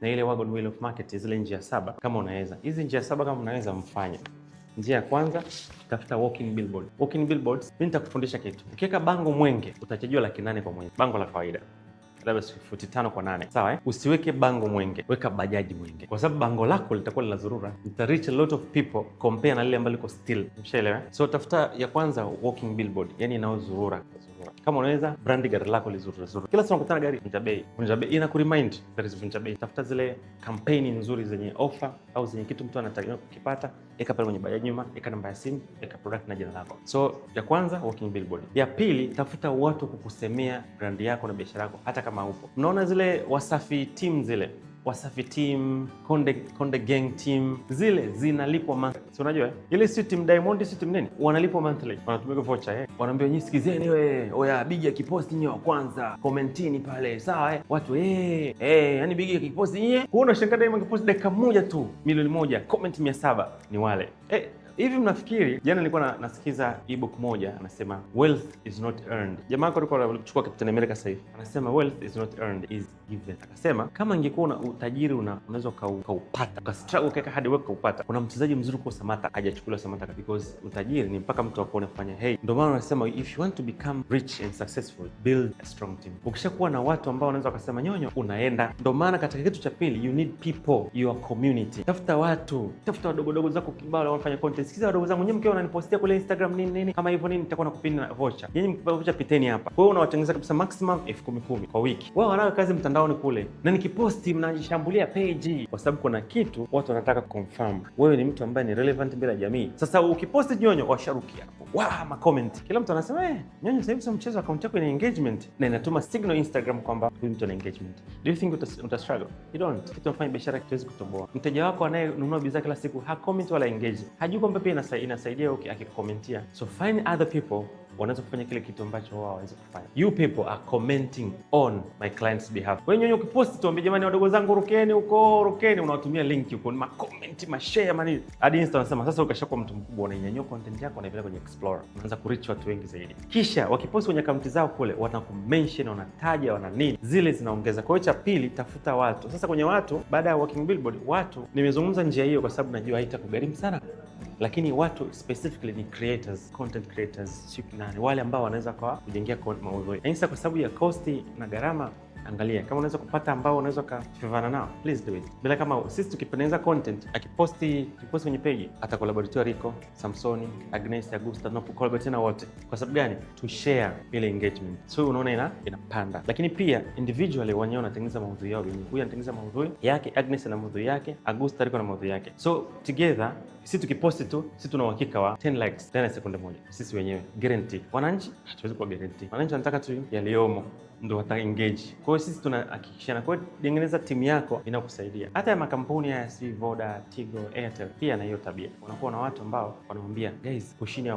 na ile wagon wheel of market, zile njia saba kama unaweza. Hizi njia saba kama unaweza mfanye. Njia ya kwanza tafuta walking billboard. Walking billboards, mimi nitakufundisha kitu. Ukiweka bango Mwenge utachajiwa laki nane kwa mwezi, bango la kawaida labda futi tano kwa nane sawa eh? Usiweke bango mwenge, weka bajaji mwenge, kwa sababu bango lako litakuwa lina zurura, ita reach a lot of people compare na lile ambalo liko still. Mshaelewa? Eh? So tafuta ya kwanza walking billboard, yani inayozurura kama unaweza brandi gari lako lizuri zuri. Kila siku unakutana gari vunja bei, vunja bei, ina kuremind that is vunja bei. Tafuta zile kampeni nzuri zenye ofa au zenye kitu mtu anategemea kukipata, eka pale kwenye bajaji nyuma, eka namba ya simu, eka product na jina lako. So ya kwanza walking billboard. Ya pili, tafuta watu kukusemea brandi yako na biashara yako hata kama upo. Mnaona zile Wasafi team zile Wasafi team, Konde, Konde Gang team zile zinalipwa monthly. Si unajua eh? ile si team Diamond si team nini? Wanalipwa monthly. Wanatumika voucher eh. Wanaambia nyinyi sikizeni wewe. Oya Bigi akiposti nyinyi wa kwanza. Commentini pale. Sawa eh. Watu eh eh, yani Bigi akiposti nyinyi. Huona shangaa Diamond akiposti dakika moja tu milioni moja, comment 700 ni wale. Eh Hivi mnafikiri, jana nilikuwa nasikiza ebook moja anasema wealth is not earned. Jamaa alikuwa anachukua Captain America sasa hivi anasema wealth is not earned is give Akasema kama ingekuwa na utajiri unaweza ukaupata ukastruggle ukaweka hard work ukaupata. Kuna mchezaji mzuri kwa Samata hajachukuliwa Samata because utajiri ni mpaka mtu akuone kufanya. Hey, ndio maana unasema if you want to become rich and successful build a strong team. Ukishakuwa na watu ambao wanaweza wakasema nyonyo, unaenda. Ndio maana katika kitu cha pili you need people, your community. Tafuta watu, tafuta wadogodogo zako kibao wanafanya content. Sikiza wadogo zangu nyinyi, mkiwa wananipostia kule Instagram nini nini kama hivyo nini, nitakuwa nakupenda na vocha Nyinyi mkipewa voucher, piteni hapa. Wewe unawatengeneza kabisa maximum elfu kumi kumi kwa wiki, wao wanayo kazi mtandao mtandaoni kule, na nikiposti mnajishambulia peji, kwa sababu kuna kitu watu wanataka confirm wewe ni mtu ambaye ni relevant mbele ya jamii. Sasa ukiposti nyonyo, washaruki hapo wa makomenti, kila mtu anasema eh, nyonyo sasa hivi sio mchezo, akaunti yako ina engagement, na inatuma signal Instagram kwamba huyu mtu ana engagement. Do you think uta struggle? You don't. Kitu unafanya biashara kiwezi kutoboa. Mteja wako anayenunua bidhaa kila siku ha comment wala engage, hajui kwamba pia inasaidia, okay, akikomentia. So find other people wanaweza kufanya kile kitu ambacho wao hawawezi kufanya. You people are commenting on my clients behalf. Wewe nyonyo ukipost, tuambie jamani, wadogo zangu rukeni huko, rukeni, unawatumia link huko, ma comment, ma share, mani hadi Insta wanasema sasa, ukashakuwa mtu mkubwa, unainyanyua content yako unaipeleka kwenye Explorer, unaanza reach watu wengi zaidi, kisha wakiposti kwenye akaunti zao kule, mention, wanataja, wana nini, zile zinaongeza. Kwa hiyo cha pili, tafuta watu. Sasa kwenye watu, baada ya working billboard, watu nimezungumza njia hiyo kwa sababu najua haitakugharimu sana lakini watu specifically ni creators, content creators, nani wale ambao wanaweza kwa kujengia maudhui. Na yaani Insta kwa sababu ya kosti na gharama Angalia kama unaweza kupata ambao unaweza ukavana nao, please do it. Bila kama sisi tukitengeneza content, akiposti akiposti kwenye page, atakolaboratiwa Rico, Samsoni, Agnes, Agusta, na wote. Kwa sababu gani? To share ile engagement, so unaona ina inapanda. Lakini pia individually wenyewe wanatengeneza maudhui yao wenyewe. Huyu anatengeneza maudhui yake, Agnes na maudhui yake, Agusta Rico na maudhui yake, so together si tukiposti tu, si tuna uhakika wa 10 likes ndani ya sekunde moja, sisi wenyewe guarantee. Wananchi hatuwezi kuwa guarantee, wananchi wanataka tu yaliyomo ndo wata engage. Kwa hiyo sisi tunahakikishana, kwa hiyo tengeneza timu yako inakusaidia. Hata ya makampuni haya si Voda, Tigo, Airtel pia na hiyo tabia, unakuwa na watu ambao wanamwambia guys, pushini